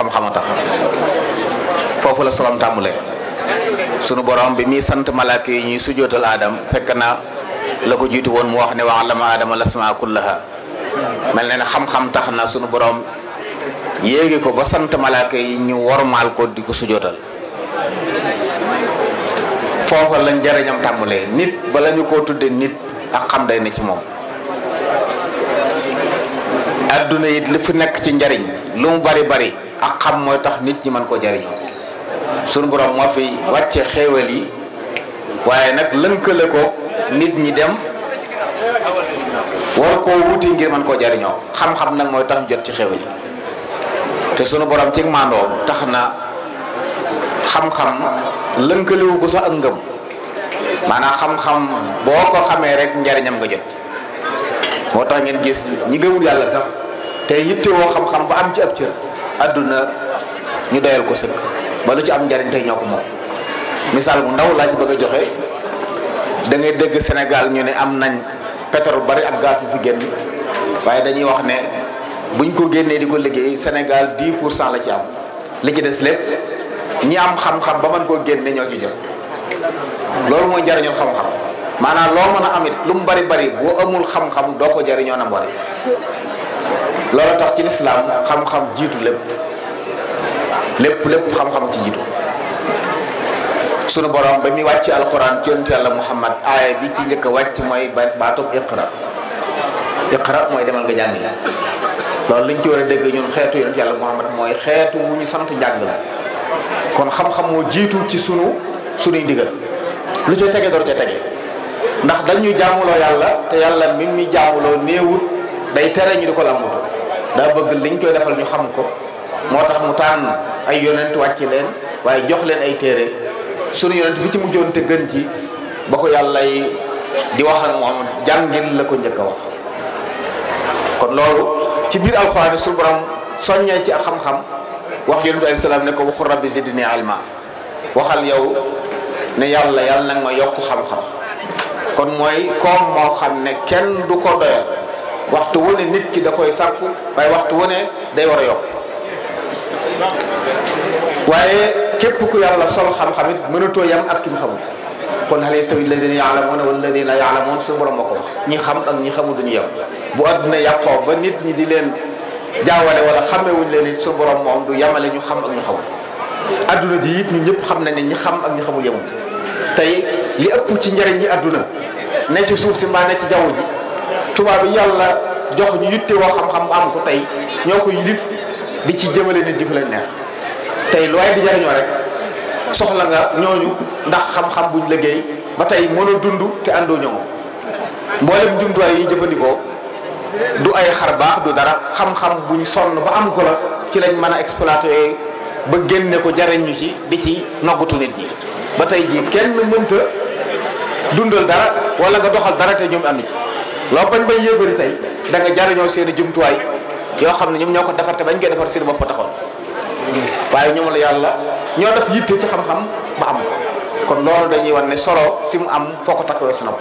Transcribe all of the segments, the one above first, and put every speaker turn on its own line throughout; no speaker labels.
xam-xam a tax foofu la solom tàmbulee sunu borom bi muy sant malaaka yi ñuy sujootal aadam fekk na la ko jiitu woon mu wax ne wa allama aadama kullaha mel na ne xam-xam tax na sunu borom yéegi ko ba sant malaaka yi ñu wormaal ko di ko sujootal foofa lañ jariñam tàmbulee nit bala ñu koo tudde nit ak xam day ne ci moom adduna it li fi nekk ci njariñ lu mu bari bari ak xam mooy tax nit ñi mën koo jariñoo sunu borom ma fi wàcce xéewal yi waaye nag lënkale ko nit ñi dem war koo wuti ngir mën koo jariñoo xam-xam nag mooy tax ñu jot ci xéewal yi te sunu borom ci maandoom tax na xam-xam lënkaliwu ko sax ak ngëm maanaam xam-xam boo ko xamee rek njariñam nga jot moo tax ngeen gis ñi gëwul yàlla sax te yittewoo xam-xam ba am ci ab cër àdduna ñu doyal ko sëkk ba lu ci am njariñ tey ñoo ko moom misaal bu ndaw laa ci bëgg a joxe dangay dëgg Sénégal ñu ne am nañ pétrole bari ak gaz bu fi génn waaye dañuy wax ne buñ ko génnee di ko liggéey Sénégal 10 pour cent la ci am li ci des lépp ñi am xam-xam ba mën koo génne ñoo ci jot loolu mooy njariñul xam-xam maanaam loo mën a amit lu mu bari bari boo amul xam-xam doo ko jariñoo nam waree loola tax ci lislaam xam-xam jiitu lépp lépp lépp xam-xam ci jiitu sunu borom ba muy wàcc alquran ci yonentu yàlla muhammad aaya bi ci njëkk a wàcc mooy baatub iqra iqra mooy demal nga jàng yi loolu liñ ci war a dégg ñun xeetu yonentu yàlla muhammad mooy xeetu ñu sant jàng la kon xam-xam moo jiitu ci sunu sunuy ndigal lu ca tege door ca tege ndax dañuy jaamuloo yàlla te yàlla mi mi jaamuloo néewut day tere ñu di ko làmbut daa bëgg liñ koy defal ñu xam ko moo tax mu tànn ay yonent wàcc leen waaye jox leen ay téere sunu yonent bi ci mujjoon te gën ci ba ko yàlla di waxam ak moom jàngil la ko njëkk a wax kon loolu ci biir alxuraan su borom soññee ci ak xam-xam wax yonent bi alayhi salaam ne ko waxul rabbi zidni ilma waxal yow ne yàlla yàlla nag ma yokk xam-xam kon mooy koom moo xam ne kenn du ko doyal waxtu wu nit ki da koy sàkku waaye waxtu wu day war a yokk waaye képp ku yàlla sol xam-xam it mënatoo yam ak ki mu xamul kon hal yastawi alladina yaalamuuna walladina laa yaalamuun su borom ma xam ak ñi xamul duñu yem bu àdduna yàqoo ba nit ñi di leen jaawale xamewuñ leen it su borom moom du yamale ñu xam ak ñu xamul adduna ji it ñun ñëpp xam nañ ne ñi xam ak ñi xamul yemul tey li ëpp ci njariñ yi adduna ne ci suuf si mbaa ne ci jaww ji tubaab yi yàlla jox ñu yitte woo xam-xam ba am ko tey ñoo ko yilif di ci jëmale nit di fa leen neex tey lu waaye di jariñoo rek soxla nga ñooñu ndax xam-xam buñ liggéey ba tey mën a dund te àndoo ñëw mboolem jumtuwaay yi jëfandikoo du ay xar baax du dara xam-xam buñ sonn ba am ko la ci lañ mën a exploité ba génne ko jariñ ñu ci di ci noggatu nit ñi ba tey jii kenn mënta dundal dara wala nga doxal dara te ñoom am ci loo bañ bay da nga jariñoo seen i jumtuwaay yoo xam ne ñoom ñoo ko defar te bañ koy defar seen bopp taxoon waaye ñoom la yàlla ñoo def ci xam-xam ba am kon loolu dañuy wan ne solo si mu am foo ko takk weesu na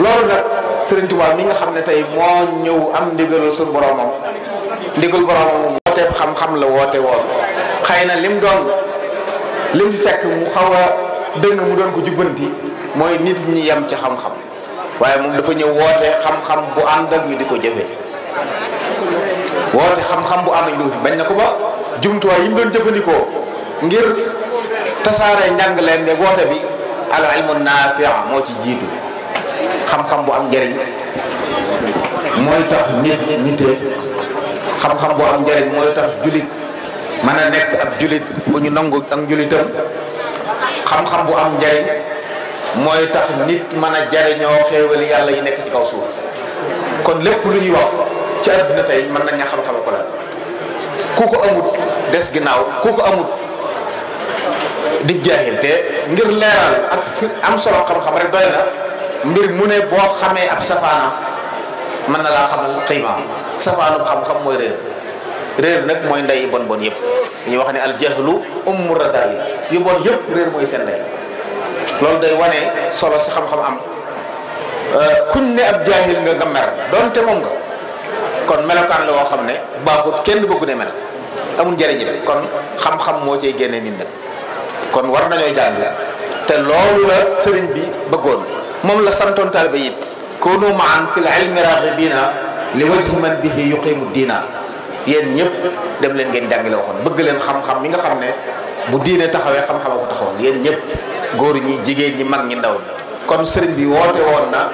loolu nag Serigne Touba mi nga xam ne tey moo ñëw am ndigalul suñu boromam ndigal boromam woote xam-xam la woote woon xëy na lim doon lim fi fekk mu xaw a dëng mu doon ko jubbanti mooy nit ñi yem ci xam-xam. waaye moom dafa ñëw woote xam-xam bu ànd ak ñu di ko jëfe woote xam-xam bu ànd ak ñu bañ na ko ba jumtuwaay yi mu doon jëfandikoo ngir tasaare njàng leen ne woote bi al naa naafi' moo ci jiitu xam-xam bu am njëriñ mooy tax nit am njëriñ mooy tax julit mën a nekk ab julit bu ñu nangu ak julitam xam-xam bu am njariñ mooy tax nit mën a jariñoo li yàlla yi nekk ci kaw suuf kon lépp lu ñuy wax ci àddina tey mën nañ ñaa xam-xame ko des ginnaaw ku ko amut ngir leeral ak am solo xam-xam rek doy na mbir mu ne boo xamee ab safaana mën na laa xamal xiima safaanu xam-xam mooy réer réer nag mooy ndey bon bon yëpp ñu wax ne al jahlu ummu radal yu bon yëpp réer mooy seen ndey loolu day wane solo si xam-xam am euh, kuñ ne ab jaahil nga nga mer donte moom nga kon melokaan la woo xam ne baaxut kenn bëggu ne mel amul njëriñ la kon xam-xam moo cay génne nit nag kon war nañoo jàng te loolu la sëriñ bi bëggoon moom la santoon taaliba yi kunu maan fil ilmi li wajhi man bihi yuqimu diina yéen ñëpp dem leen ngeen jàngale waxoon bëgg leen xam-xam mi nga xam ne bu diine taxawee xam-xam ko taxawoon yéen ñëpp góor ñi jigéen ñi mag ñi ndaw kon sëriñ bi woote woon na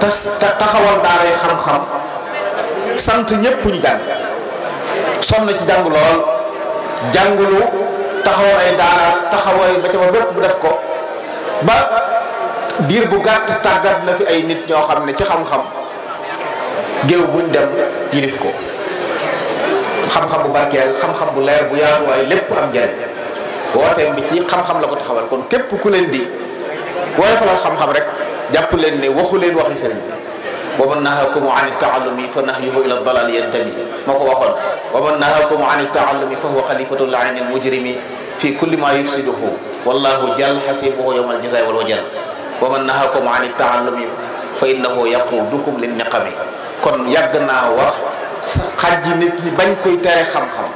tas taxawal daaray xam-xam sant ñëpp ñu jàng sonn ci jàng lool jàngulu taxawal ay daara taxawal ba ca bu def ko ba diir bu gàtt tàggat na fi ay nit ñoo xam ne ci xam-xam géew buñ dem yilif ko xam-xam bu barkeel xam-xam bu leer bu yaatuwaay lépp am njariñ wooteem bi ci xam-xam la ko taxawal kon képp ku leen di woyofalal xam-xam rek jàpp leen ne waxu leen waxi sëriñ wa man nahakum an taallumi fa nahyuhu ila dalal yantami moo ko waxoon wa man nahakum an taallumi fa huwa xalifatu laani almujrimi fi kulli ma yufsiduhu wallahu jal xasibuhu yowma aljazai wal wajal wa man nahakum an taallumi fa innahu yaqudukum lin niqami kon yàgg naa wax xaj ji nit ñi bañ koy tere xam-xam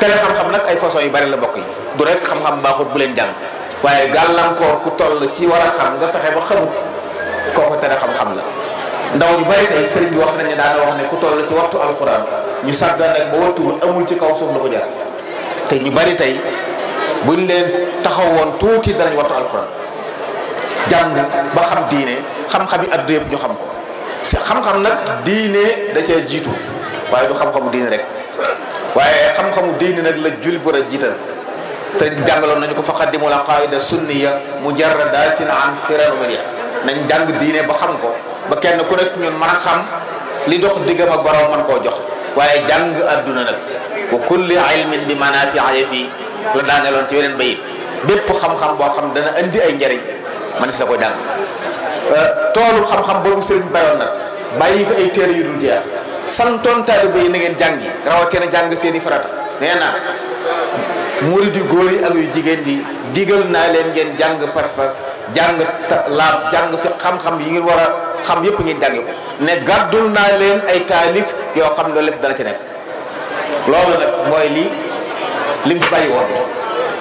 xam-xam ay façon yu bari la bokk yi du rek xam-xam baaxut bu leen jàng waaye gàllankoor ku toll ci war a xam nga fexe ba xamut kooku tere xam-xam la ndaw ñu bari tey sëriñ bi wax nañu daana wax ne ku toll ci waxtu alxuraan ñu sàggan rek ba wattuwul amul ci kaw suuf la ko jar te ñu bari tey buñ leen taxawoon tuuti danañ waxtu alxuraan jàng ba xam diine xam-xam yi àdduna yëpp ñu xam ko si xam-xam nag diine da cee jiitu waaye du xam-xamu diine rek waaye xam-xamu diine nag la jullit war jiital sëriñ bi jàngaloon nañu ko fa xaddimu la qaida sunniya mujarradatin an firarumaria nañ jàng diine ba xam ko ba kenn ku nekk ñun mën a xam li dox diggam ak borom mën koo jox waaye jàng adduna nag wa kulli ilmin bi manaafi'a fi la ci weneen bayit bépp xam boo xam dana andi ay njariñ man si la ko jàng euh, toolu xam-xam boobu sëriñ nag bàyyi fi ay téere yu dul jeex santoon taalibe yi na ngeen jàngi rawatina jàng seen i farata nee naa murid yu góor yi ak yu jigéen di digal naa leen ngeen jàng pas-pas jàng laab jàng fi xam-xam yi ngeen war a xam yëpp ngeen jàngi ko ne gàddul naa leen ay taalif yoo xam ne lépp dana ci nekk loolu nag mooy lii lim fi bàyyi woon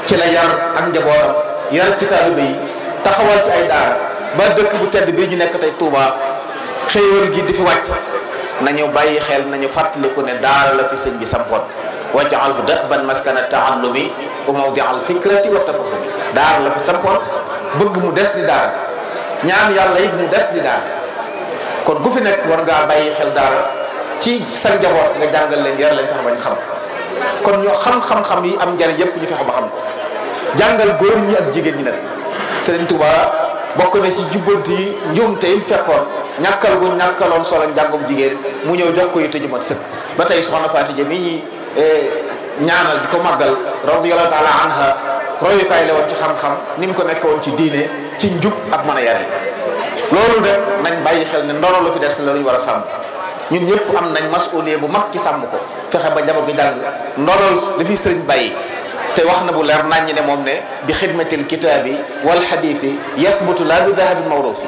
ci la yar ak njabootam yar ci taalibe yi taxawal ci ay daara ba dëkk bu tedd bi ñu nekk tey Touba xéewal gi di fi wàcc nañu bàyyi xel nañu fàttaliku ne daara la fi sëñ bi sampoon waj'alhu da'ban maskana ta'allumi wa mawdi'al fikrati wa tafahumi daara la fa sampoon bëgg mu des di daara ñaan yàlla it mu des di daara kon gu fi nekk war ngaa bàyyi xel daara ci sa njaboot nga jàngal leen yar leen fexe ba ñu xam kon ñoo xam-xam-xam yi am njariñ yépp ñu fexe ba xam ko jàngal góor ñi ak jigéen ñi nag Sëriñ Tuuba bokk na ci jubbanti yi njuumte yi fekkoon ñàkkal gu ñàkkaloon solo njàngum jigéen mu ñëw jox ko yi te ba tey soxna Faati Ja Eh, ñaanal di ko màggal radiyallahu taala anha royukaay la woon ci xam-xam ni mu ko nekk woon ci diine ci njub ak mën a yare loolu de nañ bàyyi xel ne ndoro la fi des la lu war a sàmm ñun ñëpp am nañ masuuliye bu mag ci sàmm ko fexe ba njaboot bi jàng ndorool li fi sëriñ bàyyi te wax na bu leer naññ ne moom ne bi xidmatil kitaabi wal xadiisi yathbutu laa bi dahabi mawruufi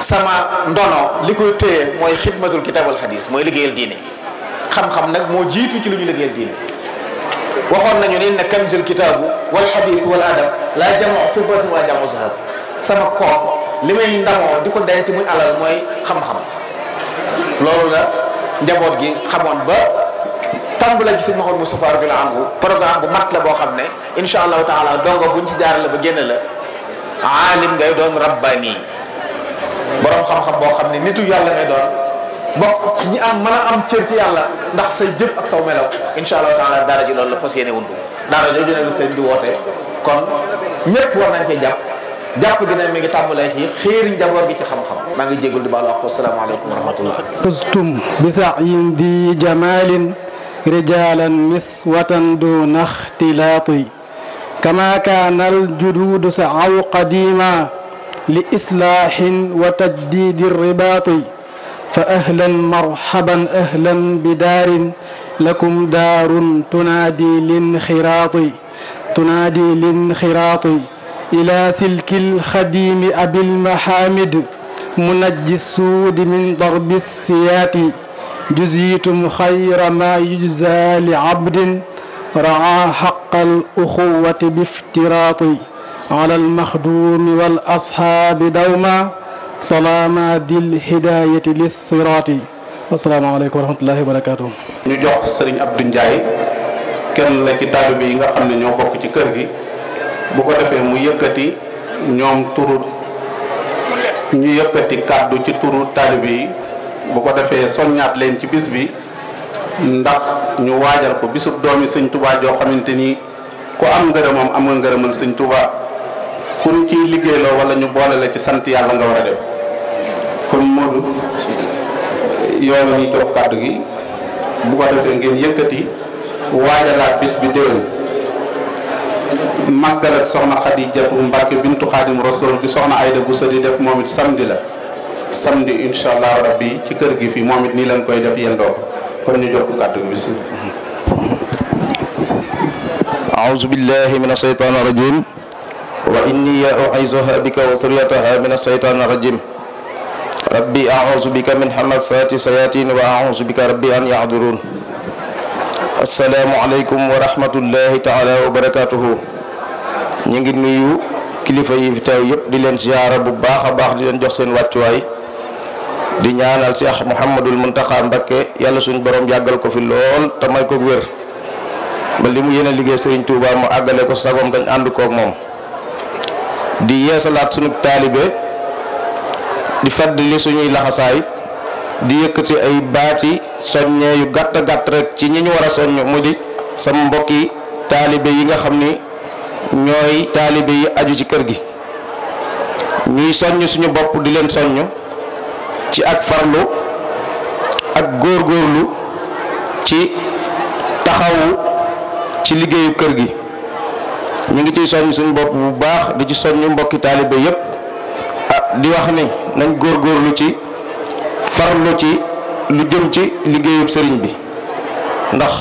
sama ndono li koy téye mooy xidmatul kitaab wal xadiis mooy liggéeyal diine xam-xam nag moo jiitu ci lu ñu liggéeyal diine waxoon nañu ne inna kanzal kitaabu wal xadiis wal adab laa jamoo fiddati wala jamoo zahab sama koom li may ndamoo di ko denc muy alal mooy xam-xam loolu la njaboot gi xamoon ba la tàmbale ci sëñ Mouhamadou Moustapha la àngu programme bu mat la boo xam ne incha allahu taala dongo buñ ci jaar la ba génn la aalim ngay doon rabbani borom xam-xam boo xam ne nitu yàlla ngay doon. bokk ci ñi am mën a am cër ci yàlla ndax say jëf ak saw melaw incha allah taala daara ji loolu la fas yéene wundu daara jooju ne la sëñ di woote kon ñëpp war nañ cee jàpp jàpp dina mi ngi tàmbalee ci xéeri njaboot gi ci xam-xam maa ngi jégul di baal wax wasalaamaaleykum wa rahmatullah
fustum bi sa'yin di jamalin rijalan miswatan duna ixtilaati kama kaana al juduudu sa'aw qadima li islaahin wa tajdidi ribaati fa ahlan marhaban ahlan bi daarin lakum daarun tunaadi linxiraati tunaadi linxiraati ila silki lxadiimi abilmahaamid munajji suudi min darbi siyaati juziitum xayra maa yujzaa li abdin raa xaqa aluxuwati biftiraati ala almaxduumi walasxaabi dawma salaamaadil hidaayati lis siraati asalaamaaleykum wa rahmatullahi wa barakaatu.
ñu jox sëriñ Abdou Ndiaye kenn la ci taalibe yi nga xam ne ñoo bokk ci kër gi bu ko defee mu yëkkati ñoom turu ñu yëkkati kàddu ci turu taalibe yi bu ko defee soññaat leen ci bis bi ndax ñu waajal ko bisu doomi sëñ Touba joo xamante ni ku am ngërëmam amoon nga ngërëmal sëñ Touba ku ñu ciy liggéeyloo wala ñu boole la ci sant yàlla nga war a dem kon Modou yow la ñuy toog gi bu ko defee ngeen yëkkati waajalaat bis bi déwén màggal ak soxna Xadijatu Mbàkke bintu Xaadim Rasul gi soxna Ayda Buso di def moom it samedi la samedi incha rabbi ci kër gi fii moom it nii lañ koy def yendoo ko kon ñu jox ko kàddu gi bis أعوذ بالله من الشيطان الرجيم وإني
أعيذها بك وذريتها من الشيطان الرجيم rabbi a'uuzu bika min hamazaati sayaatiin wa a'uuzu bika rabbi an yahduruun asalaamu aleykum wa rahmatullahi wa barakaatuhu ñu ngi nuyu kilifa yi teew yëpp di leen ziyaara bu baax a baax di leen jox seen wàccuwaay di ñaanal Cheikh Mouhamadul Mountakha Mbacké yàlla suñu borom yàggal ko fi lool te may ko wér ba li mu yéene liggéey Serigne Touba mu àggale ko sagom dañ ànd koog moom di yeesalaat sunu taalibe di fàttali suñuy laxasaay di yëkkati ay baati soññee yu gàtt gàtt rek ci ñi ñu war a soññ mu di sama mbokki taalibe yi nga xam ni ñooy taalibe yi aju ci kër gi ñuy soññ suñu bopp di leen soññ ci ak farlu ak góor góorgóorlu ci taxawu ci liggéeyu kër gi ñu ngi ciy soññ suñu bopp bu baax di ci soññ mbokki taalibe yépp ah di wax ni nañ góorgóorlu ci farlu ci lu jëm ci liggéeyub sëriñ bi ndax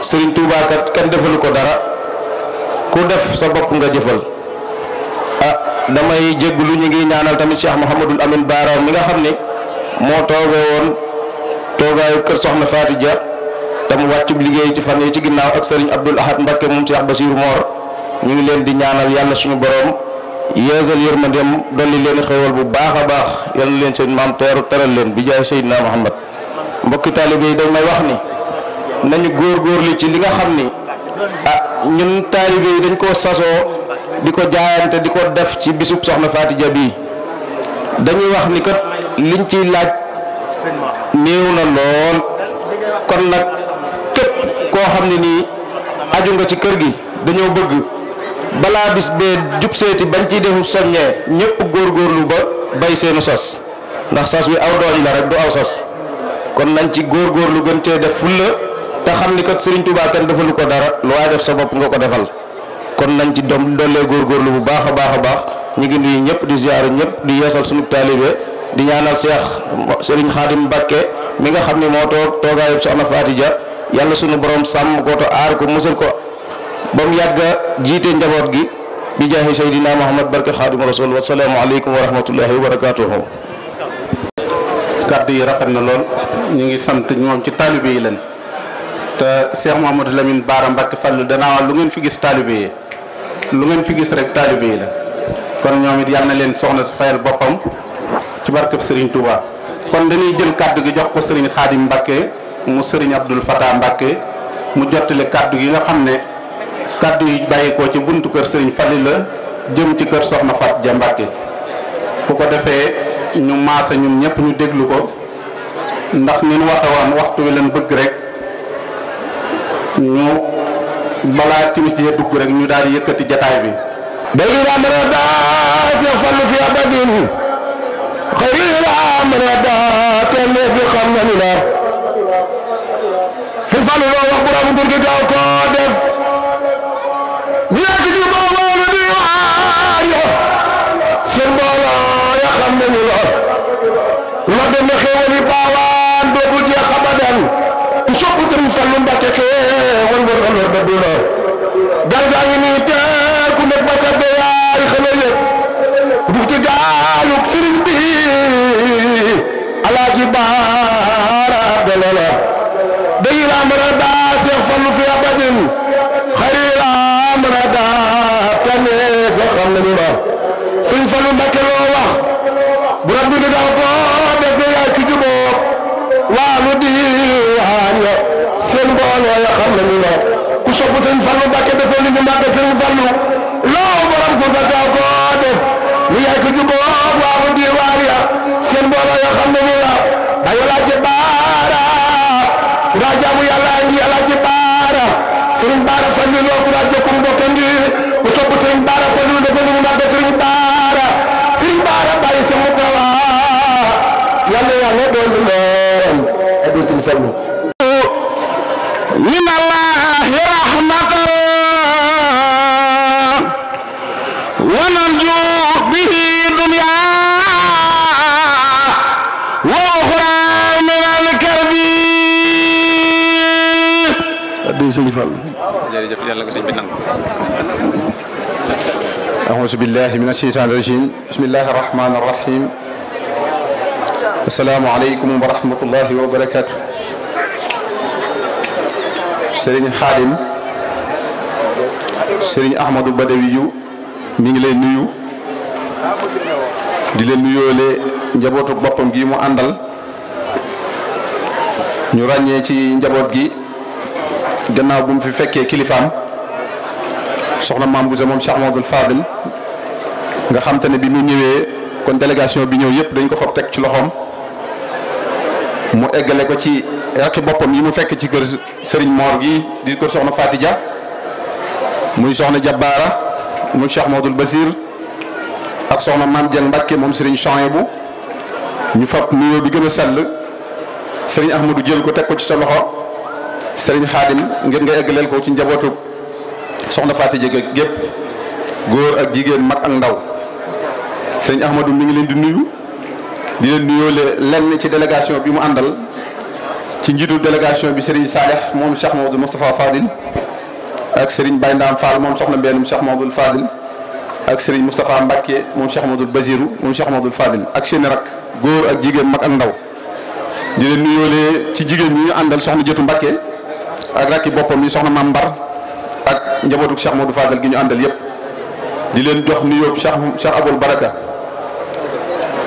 sëriñ Tuubaa kenn defalu ko dara ku def sa bopp nga jëfal ah damay jégglu ñu ngi ñaanal tamit Cheikh Mouhamadul Amin Baara mi nga xam ni moo toogee woon toogaayu kër Soxna Faati Dia te mu wàccub liggéey ci fan yi ci ginnaaw ak sëriñ Abdul Ahad Mbakke moom Cheikh Basiru Moor ñu ngi leen di ñaanal yàlla suñu boroom. yeesal yërmandeem dolli leen xewal bu baax a baax yal leen seen maam teeru teral leen bi jaay Seydina Muhammad mbokki taalibe yi dañ may wax ni nañu góorgóorlu ci li nga xam ni ah ñun taalibe yi dañ koo sasoo di ko jaayante di ko def ci bisub soxna Faty Dia bii dañuy wax ni kat liñ ciy laaj néew na lool kon nag képp koo xam ne nii aju nga ci kër gi dañoo bëgg balaa bis bee jub seeti bañ ciy defu soññee ñëpp góorgóorlu ba bay seenu sas ndax sas wi aw dooñ la rek du aw sas kon nañ ci góorgóorlu gën cee def fulla te xam ni kat Serigne Touba kenn defalu ko dara lu waaye def sa bopp nga ko defal kon nañ ci doom góor góorlu bu baax a baax a baax ñu ngi nuyu ñëpp di ziaru ñëpp di yeesal sunu taalibe di ñaanal seex Serigne Khadim Mbacke mi nga xam ni moo toog toogaayu Soxna Faty Dia yàlla sunu borom sàmm ko te aar ko musal ko. ba mu yàgg jiite njaboot gi bi jaahi saydina muhammad barke xaadimu
rasul wasalaamu aleykum wa rahmatullahi wa barakatuhu kàddu yi rafet na lool ñu ngi sant moom ci taalibe yi leen te Cheikh Mouhamadou Lamine Baara Mbacke Fallou danaa lu ngeen fi gis taalibe yi lu ngeen fi gis rek taalibe yi la kon ñoom it yal na leen soxna si fayal boppam ci barkeb Serigne Touba kon dañuy jël kàddu gi jox ko Serigne Khadim Mbacke mu Serigne Abdoul Fatah Mbacke kàddu gi nga xam ne kàddu yi bàyyi ci buntu kër sëriñ Fali la jëm ci kër soxna Fat Ja Mbàkke bu ko defee ñu maase ñun ñëpp ñu déglu ko ndax ni ñu waxe waxtu wi leen bëgg rek ñu balaa timis jee dugg rek ñu daal di yëkkati jataay bi دليل أمر داك يصل في أبد خير أمر داك اللي في
خمنا في فلو
fallu Mbàkke xéewal war a lor ba du lor gaal gaa ngi nii te ku nekk ba kat yaay xale yëpp dugg ci gaalu sëriñ bi alaaji baara
abdalala day laa mën a daa seex fallu fi abadin xari laa mën a daa tane sa xam nañu la
yàlla xam nañu la ku sopp Sëriñ Fallu Mbàkke defoo li ñu mbàkke Sëriñ Fallu loo borom ko sa taw koo def lu yaay ko juboo waaw di waar ya seen mbooloo yoo xam nañu la dañu laa ci baara ku daa jaamu yàlla ngi yàlla ci baara Sëriñ Baara Fallu loo ku daa jokkum mbokk ngi ku sopp Sëriñ Baara Fallu defoo li ñu mbàkke Sëriñ Baara Sëriñ Baara bàyyi sa mu ko waa yàlla yàlla doon leeram
addu Sëriñ Fallu من الله رحمة
ونرجو به دنيا وأخرى من الكرب أدوي سيدي فال
أعوذ بالله من الشيطان الرجيم بسم الله الرحمن الرحيم السلام عليكم ورحمة الله وبركاته sëriñ Xaadim sëriñ Ahmadou Badawiyu mi ngi lay nuyu di leen nuyoole njabootu boppam gi mu àndal ñu ràññee ci njaboot gi gannaaw bu mu fi fekkee kilifaam soxna maam Bousso moom Cheikh Mahmadul Fadil nga xam ne bi mu ñëwee kon délégation bi ñëw yëpp dañ ko fab teg ci loxoom mu eggale ko ci. rakki boppam yi mu fekk ci kër Serigne moor gi di ko soxna Faty Dia muy soxna jabaara mu Cheikh Mahdoul Basir ak soxna Mame Dieng Mbacke moom Serigne bu ñu fab nuyoo bi gën a sell Serigne Ahmadou jël ko teg ko ci sa loxo sëriñ Khadim ngir nga eggaleel ko ci njabootu soxna Faty Dia gépp góor ak jigéen mag ak ndaw Serigne Ahmadou mu ngi leen di nuyu di leen nuyoo lenn ci délégation bi mu àndal. ci njiitu délégation bi Serigne Saaleh moom Cheikh Mamadou Moustapha Fadil ak Serigne Baye Ndam moom soxna Mbeenum Cheikh Mamadou Fadil ak Serigne Moustapha Mbacke moom Cheikh Mamadou Basirou moom Cheikh Mamadou ak seen rak góor ak jigéen mag ak ndaw di leen nuyoolee ci jigéen ñi ñu àndal soxna Jëtu Mbacke ak rakki boppam yi soxna Mam Mbar ak njabootu Cheikh Mamadou Fadil gi ñu àndal yépp di leen jox nuyoo Cheikh Cheikh Baraka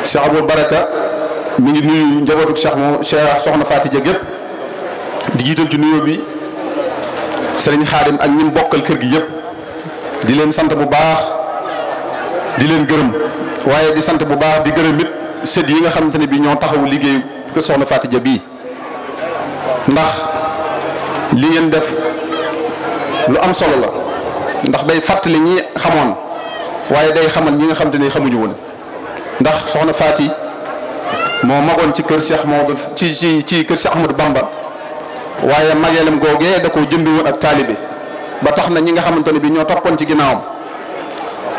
Cheikh Aboul Baraka. mi ngi nuyu njabootu Cheikh moom Cheikh Soxna Faati ja gépp di jiital ci nuyoo bi sëriñ Xaadim ak ñi bokkal kër gi yëpp di leen sant bu baax di leen gërëm waaye di sant bu baax di gërëmit it yi nga xamante ne bi ñoo taxawu liggéey Soxna Faati Dia bii ndax li ngeen def lu am solo la ndax day fàttali ñi xamoon waaye day xamal ñi nga xamante ne xamuñu woon ndax Soxna Faati moo magoon ci kër seex Maodo ci ci ci kër Cheikh Ahmadou Bamba waaye mageelam googee da koo jëmbi woon ak taalibe ba tax na ñi nga xamante ne bi ñoo toppoon ci ginnaawam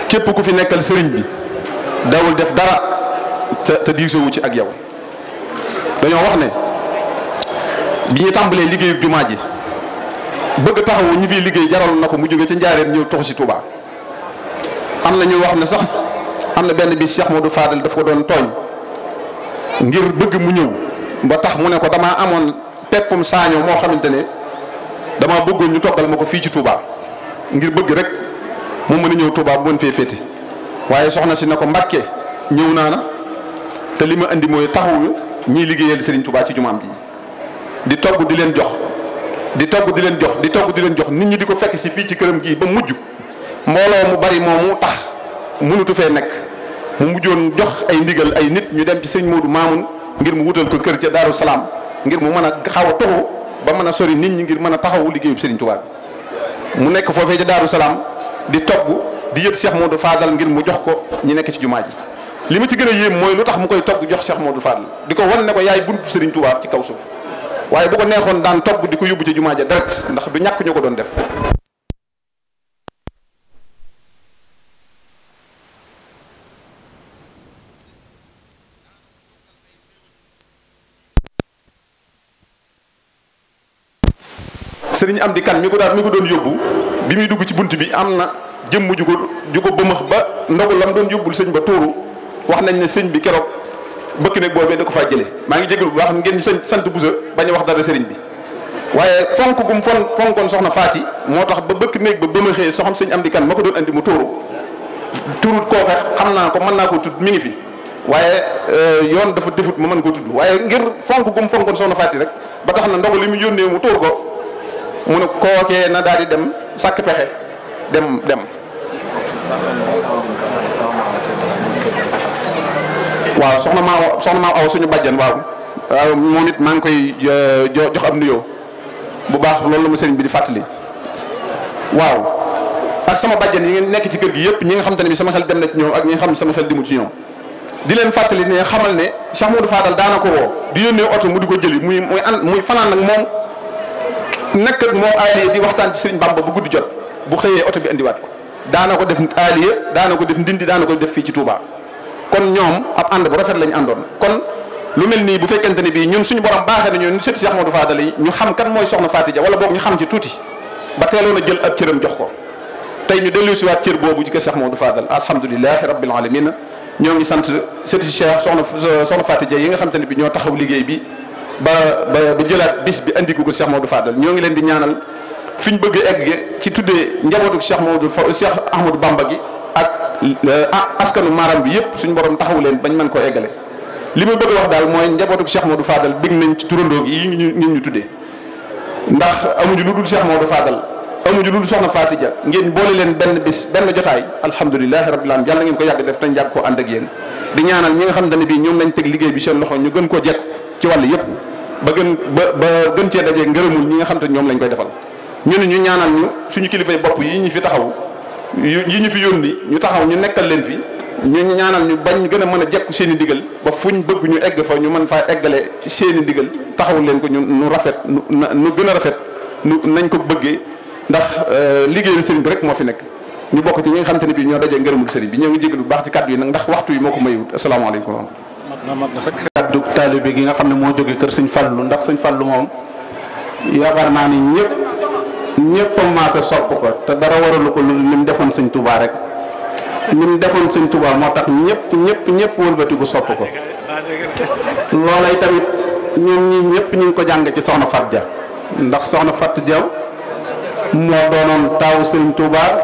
képp ku fi nekkal sëriñ bi dawul def dara te te diisoowu ci ak yow dañoo wax ne bi ñu tàmbalee liggéeyu jumaa ji bëgg taxawu ñu fiy liggéey jaral na ko mu jóge ci njaareem ñëw toxu si Touba am na ñu wax ne sax am na benn bi Cheikh Modou Fadel daf ko doon tooñ ngir bëgg mu ñëw ba tax mu ne ko damaa amoon peppum saañoo moo xamante ne damaa bëggoon ñu toggal ma ko fii ci Touba ngir bëgg rek mu mën a ñëw Touba bu mën fee féete waaye soxna si ne ko Mbàkke ñëw naa na te li ma indi mooy taxawu ñiy liggéeyal Serigne Touba ci jumaam ji di togg di leen jox di togg di leen jox di togg di leen jox nit ñi di ko fekk si fii ci këram gii ba mujj mbooloo mu bari moomu tax mënutu fee nekk. mu mujjoon jox ay ndigal ay nit ñu dem ci sëñ Modou Mamoun ngir mu wutal ko kër ca Daaru Salaam ngir mu mën a xaw a toxu ba mën a sori nit ñi ngir mën a taxawu liggéeyub Sëriñ Tuubaa mu nekk foofee ca Daaru Salaam di togg di yët moo Modou Fadal ngir mu jox ko ñi nekk ci jumaa ji li ma ci gën a yéem mooy lu tax mu koy togg jox moo du Fadal di ko wan ne ko yaay buntu Sëriñ Tuubaa ci kaw suuf waaye bu ko neexoon daan togg di ko yóbbu ca jumaa ja direct ndax du ñàkk ko doon def sëriñ Amdi Kan mi ko daan mi ko doon yóbbu bi muy dugg ci bunt bi am na jëmm ju ko ju ko bëmëx ba ndogu lam doon yóbbul sëñ ba tuuru wax nañ ne sëñ bi keroog bëkk nag boobee da ko faa jële maa ngi jégalu bu baax ngeen sëñ sant busa bañ a wax dara sëriñ bi waaye fonk gum fon fonkoon soxna faati moo tax ba bëkk néeg ba bëmëxee soxam sëñ Amdi Kan ma ko doon andi mu tuuru turut kooka xam naa ko mën naa ko tudd mi ngi fi waaye euh, yoon dafa defut ma mën koo tudd waaye ngir fonk gum fonkoon soxna faati rek ba tax na ndogu li mu yónnee mu tuur ko mu ne kookee na daal di dem sàkk pexe dem dem waaw soxna maa soxna maa aw suñu bàjjan waaw waaw moom maa ngi koy euh, jox am nuyoo bu baax loolu la ma sëriñ bi di fàttali waaw ak sama bàjjan yi ngeen nekk ci kër gi yëpp ñi nga xam te ne bi sama xel dem na ci ñoom ak ñi nga xam ne sama xel dimu ci ñoom di leen fàttali ne xamal ne Cheikh Modou Fadal daana ko woo di yónnee oto mu di ko jëli muy muy fanaan nag moom nekk ak moom aaliya di waxtaan ci sëriñ Bamba bu guddi jot bu xëyee oto bi indiwaat ko daana ko def aaliya daana ko def ndindi daana ko def fii ci Touba kon ñoom ab ànd bu rafet lañu àndoon kon lu mel nii bu fekkente ne bii ñun suñu borom baax na ñun sëti Cheikh Ahmadou Fadal yi ñu xam kan mooy soxna Faty Dia wala boog ñu xam ci tuuti ba teeloon a jël ab cëram jox ko tey ñu dellu si waat cër boobu ci ko moo Ahmadou Fadal alhamdulilahi rabbil alamin ñoo ngi sant sëti Cheikh soxna soxna Faty yi nga xam te ne bi ñoo taxaw liggéey bi ba ba bu jëlaat bis bi andi ko Cheikh du Fadal ñoo ngi leen di ñaanal fi ñu bëgg egg ci tuddee njabootu Cheikh Maodo fa Cheikh Ahmadou Bamba gi ak euh, askanu maaram bi yëpp suñu borom taxawu leen bañ mën koo eggale. li ma bëgg wax daal mooy njabootu Cheikh Maodo Fadal bég nañ ci turandoo yi ñu ñu ñu tuddee ndax amuñu lu dul Cheikh Maodo Fadal amuñu lu dul soxna Fatija ngeen boole leen benn bis benn jotaay alhamdulilah rabbil alamin yàlla ngeen ko yàgg def te ñu yàgg koo ànd ak yéen di ñaanal ñi nga xam ne bii ñoom lañ teg liggéey bi seen loxo ñu gën ko jekk ci wàll yëpp ba gën ba ba gën cee dajee ngërëmul ñi nga xam te ñoom lañ koy defal ñu ne ñu ñaanal ñu suñu kilifay bopp yi ñu fi taxaw yi ñu fi yónni ñu taxaw ñu nekkal leen fi ñu ñaanal ñu ñu gën a mën a jekku seen i ndigal ba fuñ bëgg ñu egg fa ñu mën faa eggale seeni i taxawu leen ko ñu nu rafet nu nu gën a rafet nu nañ ko bëggee ndax euh, liggéeyal sëriñ bi rek moo fi nekk ñu bokk ci ñi nga xam te ñoo dajee ngërëmul sëriñ bi ñoo ngi jégalu bu baax ci kàddu yi nag ndax waxtu yi moo ko mayut asalaamaaleykum kaddu taalibe gi nga xam ne moo jóge kër sëñ Fallu ndax sëñ Fallu moom yaakaar naa ni ñëpp ñëpp commencé sopp ko te dara waralu ko lu lim defoon sëñ Touba rek lim defoon sëñ Touba moo tax ñëpp ñëpp ñëpp wëlbatiku sopp ko loolay tamit ñi ñëpp ñu ngi ko jàng ci soxna Fat Ja ndax soxna Fat Ja moo doonoon taawu sëriñ tuubaa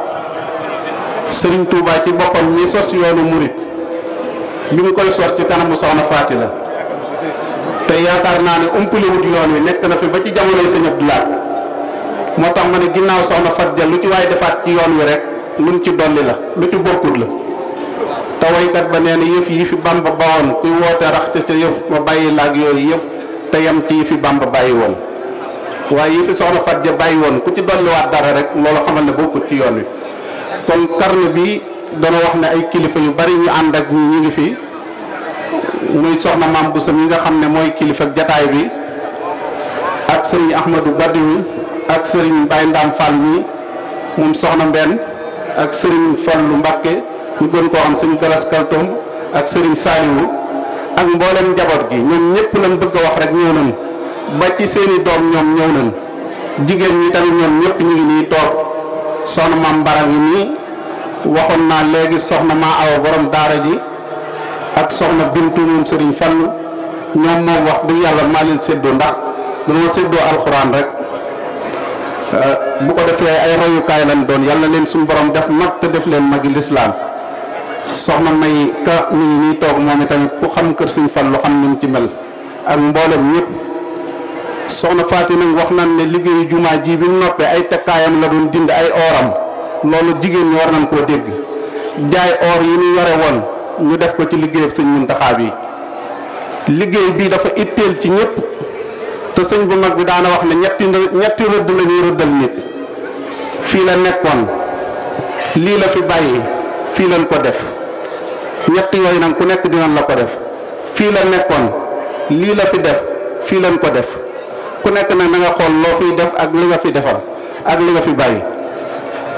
sëriñ Touba ci boppam ñi sos yoonu murit mi ngi koy sos ci kanamu soxna Faati la te yaakaar naa ne umpaliwut yoon wi nekk na fi ba ci jamono sëñ Abdou Lahad moo tax ma ne ginnaaw soxna Faat ja lu ci waaye defaat ci yoon wi rek lu mu ci dolli la lu ci bokkut la te waykat ba nee na yëf yi fi Bamba bawoon kuy woote rax ca ca yëf ma bàyyi laag yooyu yëpp te yam ci yi fi Bamba bàyyi woon waaye yi fi soxna Faat ja bàyyi woon ku ci dolliwaat dara rek loolu xamal ne bokkut ci yoon wi kon karne dana wax ne ay kilifa yu bari ñu ànd ak ñu ngi fi muy soxna maam Boussa mi nga xam ne mooy kilifa jataay bi ak sëriñ Ahmadou Badiou ak sëriñ Baye Ndam Fall mi moom soxna Mbène ak sëriñ Fallu Mbàkke ñu gën koo xam sëriñ Galas Kaltoom ak sëriñ Saliou ak mboolem njaboot gi ñoom ñëpp lañ bëgg a wax rek ñëw nañ ba ci seeni doom ñoom ñëw nañ jigéen ñi tamit ñoom ñëpp ñu ngi nii toog soxna maam Mbara ngi nii waxoon naa léegi soxna maa awa borom daara ji ak soxna bintu moom sëriñ fan ñoom moom wax dëgg yàlla maa leen séddoo ndax dañoo séddoo alxuraan rek euh, bu ko defee ay royukaay lañ doon yàlla leen suñu borom def mag te def leen magi lislaam soxna may ka mi nii toog moom itamit ku xam kër sëriñ Fallu xam ne mu ci mel ak mboolem ñëpp soxna Faati nag wax nañ ne liggéeyu jumaa ji bi mu noppee ay takkaayam la doon dind ay ooram loolu jigéen ñi war nañ koo dégg jaay or yi ñu yore woon ñu def ko ci liggéeyub sëñ Muntaxa bi liggéey bi dafa itteel ci ñëpp te sëñ bu mag bi daana wax ne ñetti ñetti rëdd la rëddal nit fii la nekkoon lii la fi bàyyi fii lañ ko def ñett yooyu nag ku nekk dinañ la fii la nekkoon lii la fi def fii lañ ko def ku nekk nag na nga xool loo fiy def ak li nga fi defal ak li nga fi bàyyi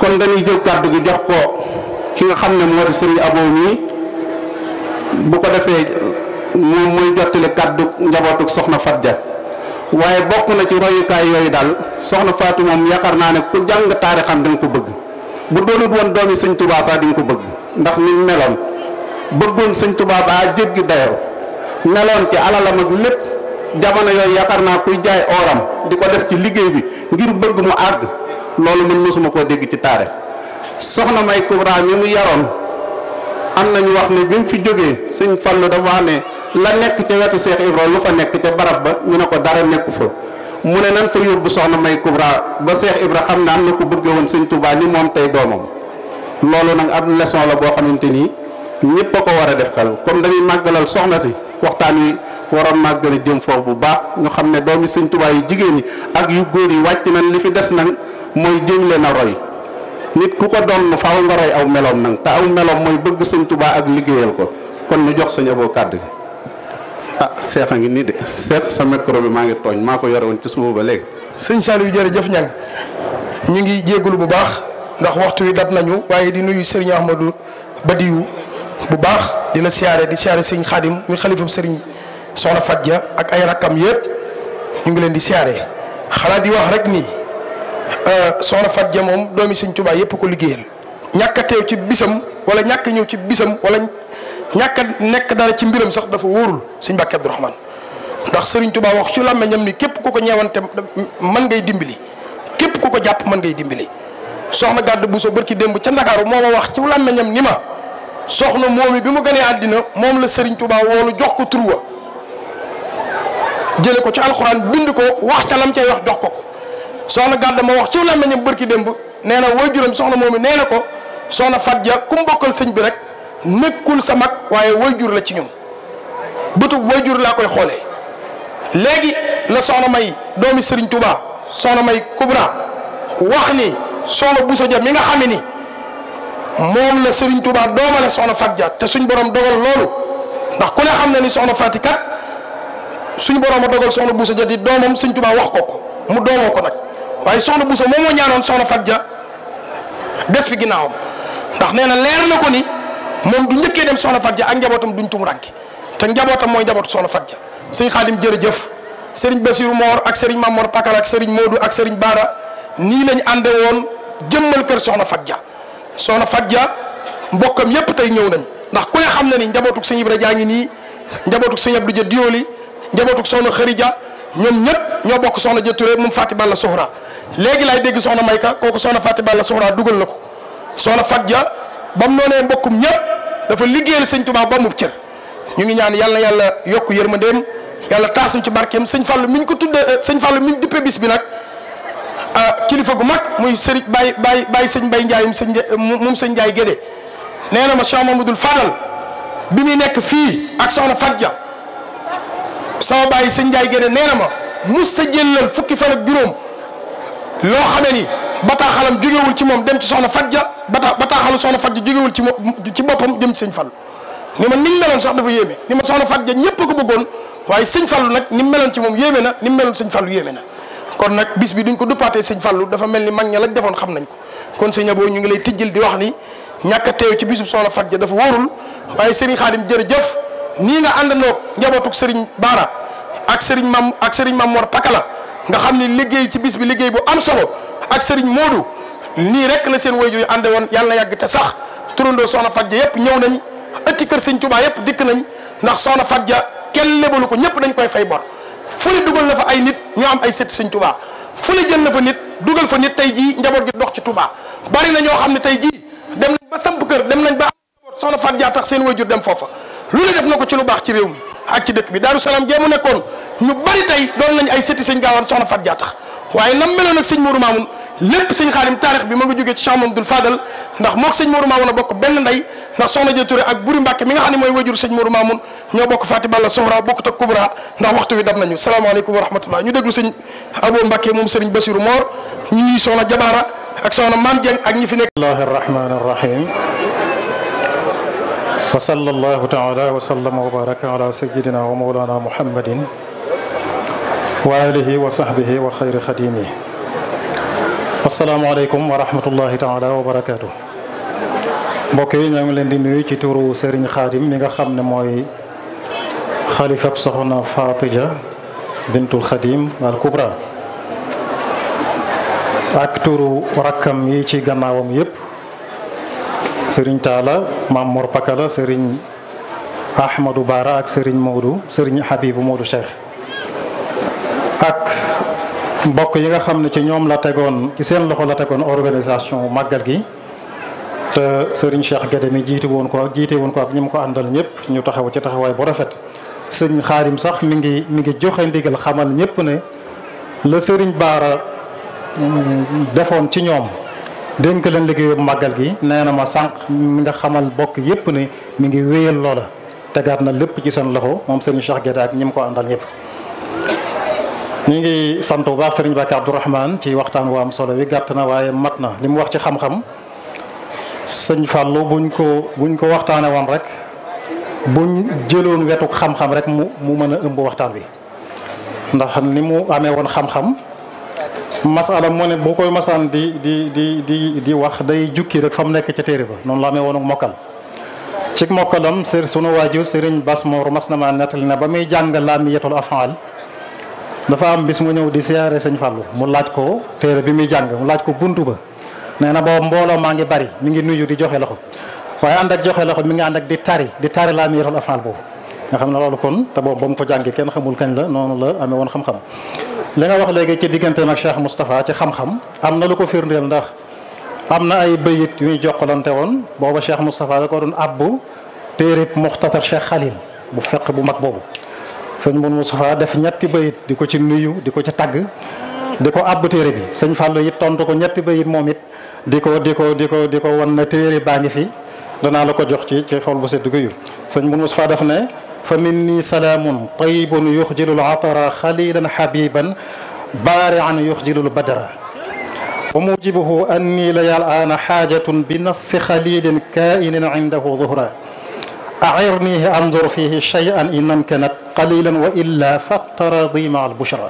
kon dañuy jël kàddu gi jox ko ki nga xam ne moo di sëriñ Abo mii bu ko defee moom muy jottali kàddu njabootuk soxna Fat ja waaye bokk na ci royukaay yooyu daal soxna Fatou moom yaakaar naa ne ku jàng taarixam da ko bëgg bu doonut woon doomi sëñ Touba sax di ko bëgg ndax ni meloon bëggoon sëñ Touba baa jéggi dayoo meloon ci alalam ak lépp jamono yooyu yaakaar naa kuy jaay ooram di ko def ci liggéey bi ngir bëgg mu àgg. loolu man mosuma koo dégg ci taare soxna may Kubra mi mu yaroon am nañu wax ne bi mu fi jógee sëñ Fallu dafa wax la nekk ca wetu Seex Ibra lu fa nekk ca barab ba ñu ne ko dara nekku fa mu ne nan fa yóbbu soxna may Kubra ba Seex Ibra xam ne am na ko bëgge woon sëñ Touba ni moom tey doomam loolu nag ab leçon la boo xamante nii ñëpp a ko war a def xel comme dañuy màggalal soxna si waxtaan wi waroon màggal jëm foofu bu baax ñu xam ne doomi sëñ mooy diw leen a roy nit ku ko doon faaw nga roy aw meloom nag te aw meloom mooy bëgg sëñ Tuubaa ak liggéeyal ko kon ñu jox sëñ Abo kàddu gi ah seex a ngi nii de seet sa micro bi maa ngi tooñ maa ko yore woon ci suba ba léegi
sëñ Saliou jëf ñang ñu ngi jéggulu bu baax ndax waxtu wi dab nañu waaye di nuyu du ba Badiou bu baax di la siyaare di siyaare sëñ Xaadim mi xalifam sëriñ soxna Fadja ak ay rakkam yëpp ñu ngi leen di siyaare xanaa di wax rek nii Euh, soxna Fat Ja moom doomi sëñ Tuubaa yëpp ko liggéeyal ñàkk a ci bisam wala ñàkk ñëw ci bisam wala ñàkk nekk dara ci mbiram sax dafa wóorul sëñ Mbàkke Abdu Rahmaan ndax sëriñ Tuubaa wax ci làmmiñam ni képp ku ko ñeewante mën ngay dimbali képp ku ko jàpp mën ngay dimbali soxna gàdd bu so bërki démb ca Ndakaaru moo ma wax ci làmmiñam ni ma soxna moom bi mu gënee àddina moom la sëriñ Tuubaa woolu jox ko turwa jële ko ci alxuraan bind ko wax ca lam cay wax jox ko soxna gàdd ma wax ci làmmiñam bërki démb nee na waajuram soxna moom nee na ko soxna Fat Ja ku mu bokkal sëñ bi rek nekkul sa mag waaye jur la ci ñun bëtub jur laa koy xoolee. léegi la soxna may doomi Serigne Touba soxna may Kubra wax ni soxna Bousso Ja mi nga xam ni moom la Serigne Touba doomale soxna Fat Ja te suñ borom dogal loolu ndax ku ne xam na ni soxna Fatikat suñ borom a dogal soxna Bousso Ja di doomam Serigne Touba wax ko mu doomoo ko nag. waaye soxna Bousso moom moo ñaanoon soxna Fatou Dia des fi ginnaawam ndax nee na leer na ko ni moom du njëkkee dem soxna Fatou Dia ak njabootam duñ tumuranke te njabootam mooy njabootu soxna Fatou Dia sëñ jërëjëf sëriñ Bassirou Mor ak sëriñ Mamor Pakal ak sëriñ Modou ak sëriñ nii lañ ànde woon jëmmal kër soxna Fatou Dia soxna Fatou Dia mbokkam yépp tey ñëw nañ ndax ku ne xam na ni njabootuk sëñ Ibra jaa ngi nii njabootuk sëñ Abdou Dia Dioli njabootuk soxna ja ñoom ñëpp ñoo bokk soxna Dia Touré moom Fatou Balla Sohra léegi laay dégg soxna Mayka kooku soxna Fatou Balla Soxna dugal na ko soxna Fatou Dia ba mu noonee mbokkum ñëpp dafa liggéeyal sëñ Tuubaa ba mu cër ñu ngi ñaan yàlla yàlla yokk yërmandeem yàlla taasum ci barkeem sëñ Fallou mi ñu ko tuddee euh, sëñ Fallou mi ñu duppee bis bi nag ah, kilifa gu mag muy sëriñ Baye Baye bay sëñ Baye Ndiaye mu sëñ moom sëñ Ndiaye euh, Gédé nee na ma Cheikh Mamadou Fadal bi muy nekk fii ak soxna Fatou Dia sama Baye sëñ Ndiaye Gédé nee na ma mus fukki fan ak loo xamee ni bataaxalam jógewul ci moom dem ci soxna Fadja bata bataaxalu soxna Fadja jógewul ci moom ci boppam dem ci sëñ Fallu ni ma sax dafa yéeme ni ma soxna Fadja ñëpp ko bëggoon waaye sëñ Fallu nag mu meloon ci moom yéeme na ni mu meloon sëñ Fallu yéeme na kon nag bis bi duñ ko duppaatee sëñ Fallu dafa mel ni mag ña lañ defoon xam nañ ko kon sëñ Abo ñu ngi lay tijjil di wax ni ñàkk a teew ci bisub soxna Fadja dafa wóorul waaye Serigne Khadim jërëjëf nii nga àndandoo njabootug Serigne Baara ak Serigne Mam ak Serigne Mam Mor Pakala nga xam ni liggéey ci bis bi liggéey bu am solo ak sëriñ Modou nii rek la seen waajur yu ànde woon yàlla yàgg te sax turandoo Soxna Fadja yëpp ñëw nañ ëtti kër Serigne tubaa yëpp dikk nañ ndax Soxna ja kenn lebalu ko ñëpp dañ koy fay bor fu ne dugal na fa ay nit ñu am ay sët Serigne tubaa fu ne jël na fa nit dugal fa nit tey jii njaboot gi dox ci tubaa bari na ñoo xam ne tey jii dem nañ ba samp kër dem nañ ba am Soxna Fadja tax seen waajur dem foofa lu def na ko ci lu baax ci réew mi ak ci dëkk bi Daaru Salaam gee mu nekkoon ñu bari tey doon nañ ay sëti sëñ gaawaan soxna Fat Dia tax waaye nam meloon ak sëñ Modou Mamoun lépp sëñ xaadim taarix bi ma nga jógee ci Cheikh Mamadou Fadal ndax mook sëñ Modou Mamoun a bokk benn ndey ndax soxna Dia Touré ak Buri Mbàkke mi nga xam ne mooy wajur sëñ Modou Mamoun ñoo bokk Fati Balla Soxra bokk tak Kubra ndax waxtu wi dab nañu salaamaaleykum wa rahmatullah ñu déglu sëñ Abo Mbàkke moom sëriñ Basiru Moor ñu ñuy soxna Jabaara ak soxna Maam
Dieng ak ñi fi nekk Allahi rahmaani rahim wa sallallahu taala wa sallama wa baraka ala sayidina wa mawlana muhammadin wa alihi wa sahbihi wa xayri xadimi asalaamaaleykum wa rahmatullahi taala wa barakaatu. mbokk yi ñoo ngi leen di nuyu ci turu Serigne Khadim mi nga xam ne mooy xalifab soxna Fatija bintul Khadim al Kubra ak turu rakkam yi ci gannaawam yëpp Serigne Talla Maam Mor Pakala Serigne Ahmadou Bara ak Serigne Modou Serigne Habibou mbokk yi nga xam ne ci ñoom la tegoon ci seen loxo la tegoon organisation màggal gi te sëriñ Cheikh Guédé mi jiite woon ko jiite woon ko ak ñi ko àndal ñëpp ñu taxaw ci taxawaay bu rafet sëñ xaarim sax mi ngi mi ngi joxe ndigal xamal ñëpp ne la sëriñ Baara mm, defoon ci ñoom dénk leen liggéeyu màggal gi nee na ma sànq mi nga xamal bokk yëpp ne mi ngi wéyal loola tegaat na lépp ci seen loxo moom sëriñ Cheikh Guédé ak ñi ko àndal ñëpp. ñu ngi sant bu baax Serigne Bakar Abdourahmane ci waxtaan wu am solo wi gàtt na waaye mat na li mu wax ci xam-xam sëñ Fallou buñ ko buñ ko waxtaanee woon rek buñ jëloon wetuk xam-xam rek mu mu mën a ëmb waxtaan wi. ndax ni mu amee woon xam-xam masala mu ne bu koy masaan di di di di di wax day jukki rek fa mu nekk ca téere ba noonu la amee woon mokkal. ci mokkalam sër sunu waajur Serigne Bas Mor mas na maa nettali na ba muy jàng laamiyatul afaal dafa am bis mu ñëw di siyaare sëñ Fallou mu laaj ko téere bi muy jàng mu laaj ko buntu ba nee na boobu mbooloo maa ngi bari mu ngi nuyu di joxe loxo waaye ànd ak joxe loxo mi ngi ànd ak di tari di tari laa mi yoral afaal boobu nga xam ne loolu kon te boobu ba mu ko jàngee kenn xamul kañ la noonu la amee woon xam-xam li nga wax léegi ci diggante ak Cheikh Moustapha ci xam-xam am na lu ko firndeel ndax am na ay bayit yu ñu jokkalante woon booba Cheikh Moustapha da ko doon abbu téerib muxtasar Cheikh Khalil bu fekk bu mag boobu sëñ Mourou Moustapha def ñetti bayit di ko ci nuyu di ko ci tagg di ko àbb téere bi sëñ Fallou it tontu ko ñetti bayit moom it di ko di ko di ko di téere baa ngi fi danaa la ko jox ci ci xol bu sedd guyu sëñ Mourou Moustapha def ne fa minni salaamun tayyibun yuxjilul atara xalilan habiban baarian yuxjilul badara wa mujibuhu anni la yal aana xaajatun bi nassi xalilin kainin indahu zuhra أعرني أنظر فيه شيئا إن أمكنت قليلا وإلا فاقتراضي مع البشرى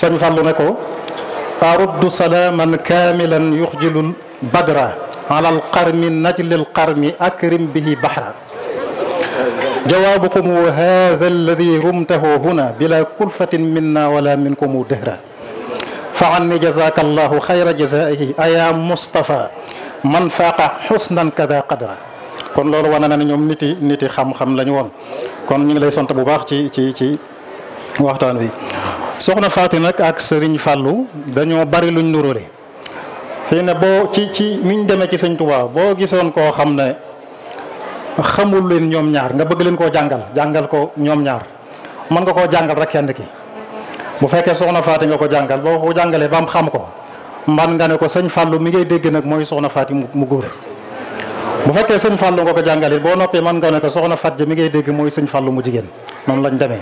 sëñ Fallou ne ko أرد سلاما كاملا يخجل البدر على القرم نجل القرم أكرم به بحرا جوابكم هذا الذي رمته هنا بلا كلفة منا ولا منكم دهرا فعني جزاك الله خير جزائه أيا مصطفى من فاق حسنا كذا قدرا kon loolu wane na ne ñoom nit yi nit yi xam-xam lañu woon kon ñu ngi lay sant bu baax ci ci ci waxtaan wi. soxna Faati nag ak sëriñ Fallou dañoo bari luñ nuróole xëy na boo ci ci miñ demee ci sëñ Touba boo gisoon koo xam ne xamul leen ñoom ñaar nga bëgg leen koo jàngal jàngal ko ñoom ñaar mën nga koo jàngal rek kenn ki. bu fekkee soxna Faati nga ko jàngal boo ko jàngalee ba xam ko man nga ne ko sëñ Fallou mi ngay dégg nag mooy soxna Faati mu góor. bu fekkee sëñ fàllu nga ko jàngal it boo noppee mën nga ne ko soxna fat mi ngay dégg mooy sëñ fàllu mu jigéen noonu lañ demee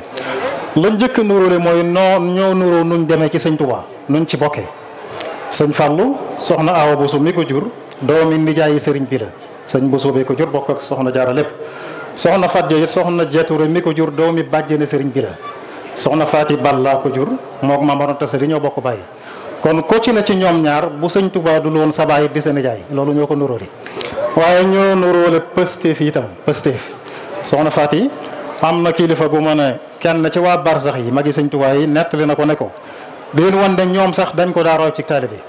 lañ njëkk nuróole mooy noo ñoo nuróo nuñu demee ci sëñ Tuubaa nuñ ci bokkee sëñ fàllu soxna Awa Bousso mi ko jur doomi nijaayi sëriñ bi la sëñ Bousso bee ko jur bokk ak soxna jaara lépp soxna fat ja it soxna rek mi ko jur doomi bàjjene sëriñ bi la soxna faati bal laa ko jur mook maamaronta sëriñ ñoo bokk bàyyi kon ko na ci ñoom ñaar bu sëñ Tuubaa du loon sa baay di sa nijaay loolu ñoo ko nuróole waaye ñoo nuróole pësteef itam pësteef na Fati am na kilifa gu ma ne kenn ci waa barsax yi magi sëñ Tuubaa yi nettali na ko ne ko déen wan de ñoom sax dañ ko daa roy ci taalibe bi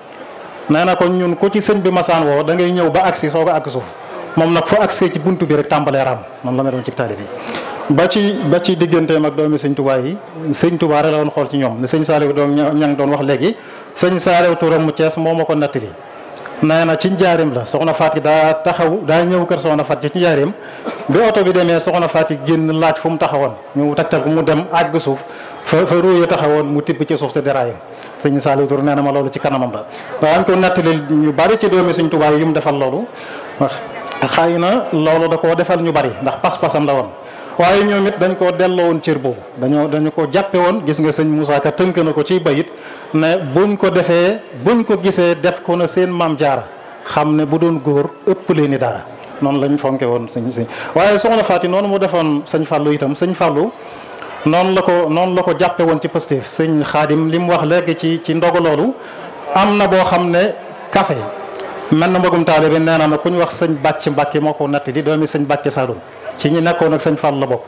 nee na ko ñun ku ci sëñ bi masaan woo da ngay ñëw ba agsi soo ko ak suuf moom nag foo agsee ci bunt bi rek tàmbalee ram moom la nga ci taalibe bi ba ci ba ci digganteem ak doomi sëñ Tuubaa yi sëñ Tuubaa rek la woon xool ci ñoom ne sëñ Saaliw doo ña ngi doon wax léegi sëñ Saaliw Tuuram mu Cees moo ma ko nettali nee na ci njaarim la soxna faat yi daa taxaw daa ñëw kër soxna Faati ci njaarim bi oto bi demee soxna Faati génn laaj fu mu taxawoon ñu tegtal ko mu dem àgg suuf fa fa ruuya taxawoon mu tibb ci suuf si diraayam sëñ Saliou Touré nee na ma loolu ci kanamam la daañ ko nettali ñu bari ci doomi sëñ Tuubaa yi mu defal loolu wax na loolu da koo defal ñu bari ndax pas-pasam la woon waaye ñoom it dañ koo delloo woon cër boobu dañoo dañu ko jàppe woon gis nga sëñ Moussa tënk na ko ci bayit ne buñ ko defee buñ ko gisee def ko na seen maam jaara xam ne bu doon góor ëpp leen ni dara noonu lañ fonke woon sëñ sëñ waaye soo soxna Faati noonu mu defoon sëñ Fallou itam sëñ Fallou noonu la ko noonu la ko jàppe woon ci positif sëñ Xaadim li mu wax léegi ci ci ndogu loolu am na boo xam ne café mel na mbëggum taale bi nee na na ku ñu wax sëñ bàcc mbàkki moo ko natti di doomi sëñ bàcc Sadou ci ñi nekkoon ak sëñ Fall la bokk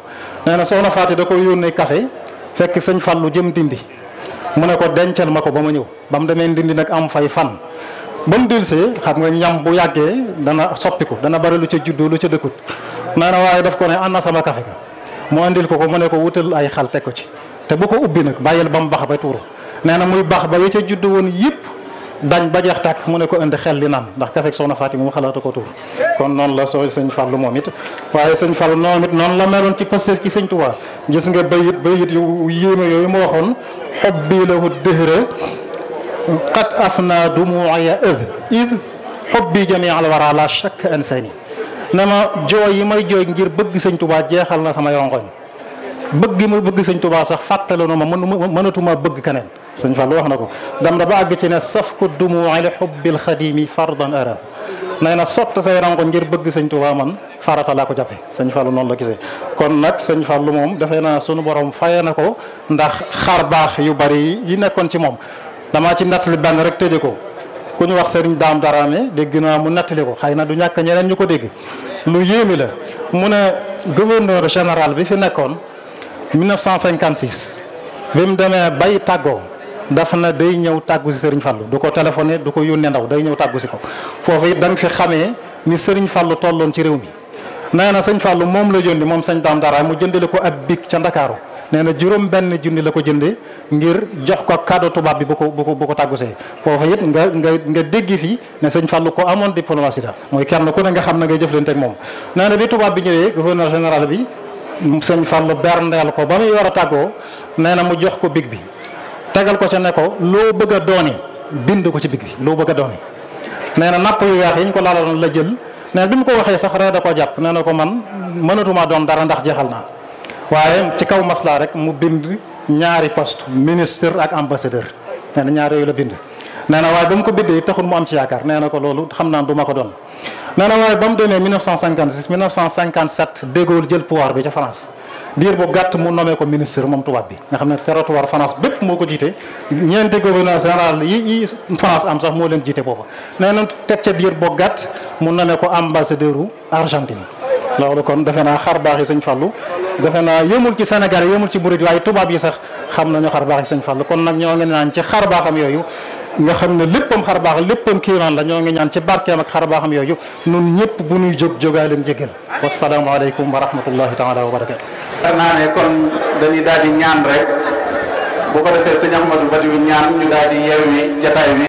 nee na soxna Faati da koy yónnee kafe fekk sañ sëñ lu jëm dindi mu ne ko dencal ma ko ba ma ñëw ba mu demee dindi nag am fay fan ba mu dulsee xam nga ñam bu yàggee dana soppi ko dana bari lu ca juddoo lu ca dëkkut nee na waaye def ko ne ànd na sama café ka mu andil ko ko mu ne ko wutal ay xal teg ko ci te bu ko ubbi nag bàyyil ba mu bax ba tuuru nee na muy bax ba ya ca juddu woon yëpp dañ ba jeex tàkk mu ne ko indi xel li naan ndax kafeeg faat Fatima mu xalaata ko tuur kon noonu la soo sëñ lu moom it waaye sëñ Fallou moom it noonu la meloon ci pasteur ci sëñ Touba gis nga bayit bayit yu yéeme yooyu mu waxoon xob bii lahu dëhra qad afna dumuaya id id xob bi jami al wara la shakk insani ne ma jooy yi may jooy ngir bëgg sëñ Touba jeexal na sama rongoñ bëgg ma bëgg sëñ Touba sax fàttale na ma mënatuma bëgg keneen sëñ Fallu wax na ko dem na ba àgg ci ne saf ko dumuuxi li xubbil xadimi fardan ara nee na sotti say rango ngir bëgg sëñ Tuubaa man farata laa ko jàppe sëñ Fallu noonu la gisee kon nag sëñ lu moom dafee naa sunu borom faye na ko ndax xar baax yu bari yi nekkoon ci moom damaa ci nettali benn rek tëje ko ku ñu wax sëriñ daam daraame dégg naa mu nettali ko xay na du ñàkk ñeneen ñu ko dégg lu yéemi la mu ne gouverneur général bi fi nekkoon 1956 bi mu demee daf na day ñëw tàggu si Serigne Fallou du ko téléphoné du ko yónnee ndaw day ñëw tàggu si ko foofu it da nga fi xamee ni Serigne Fallou tolloon ci réew mi. nee na sëñ Fallou moom la yónni moom sëñ Dame Dara mu jëndale ko ab bic ca Ndakaaru nee na juróom benn junni la ko jënde ngir jox ko cadeau tubaab bi bu ko bu ko bu ko tàggusee foofa it nga nga nga dégg fii ne sëñ Fallou ko amoon diplomatie la mooy kenn ku ne nga xam na ngay jëflante ak moom. nee na bi tubaab bi ñëwee gouverneur général bi sëñ Fallou berndeel ko ba muy war a tàggoo nee na mu jox ko bic bi. tegal ko ca ne ko loo bëgg a dooni bind ko ci big bi loo bëgg a dooni nee na napp yu weex yi ñu ko laaloon la jël nee na bi mu ko waxee sax ree jàpp nee na ko man mënatuma doon ndax jeexal naa waaye ci kaw maslaa rek mu bind ñaari poste ministre ak ambassadeur nee na yooyu la bind nee na waaye ba mu ko biddee taxul mu am ci yaakaar nee na ko loolu xam naa du ko doon nee waaye ba mu demee 1956 1957 jël pouvoir bi ca France diir bu gàtt mu nommé ko ministre moom tubaab bi nga xam ne territoire France bépp moo ko jiite ñeenti gouverneur général yi yi France am sax moo leen jiite foofa nee na teg ca diir bu gàtt mu nommé ko ambassadeur u Argentine loolu kon defe naa xar baax yi sëñ Fallou defe naa yëmul ci Sénégal yëmul ci Murid waaye tubaab yi sax xam nañu xar baax yi sëñ Fallou kon nag ñoo ngi naan ci xar baaxam yooyu nga xam ne léppam xar baax léppam kiimaan la ñoo ngi ñaan ci barkeem ak xar baaxam yooyu ñëpp bu ñuy jóg jógaa leen jégal wasalaamualeykum wa rahmatullahi taala
xam naa ne kon dañuy daal di ñaan rek boo ko defee
sëñ Ahmadou Badiou ñaan ñu daal di yeewi jataay bi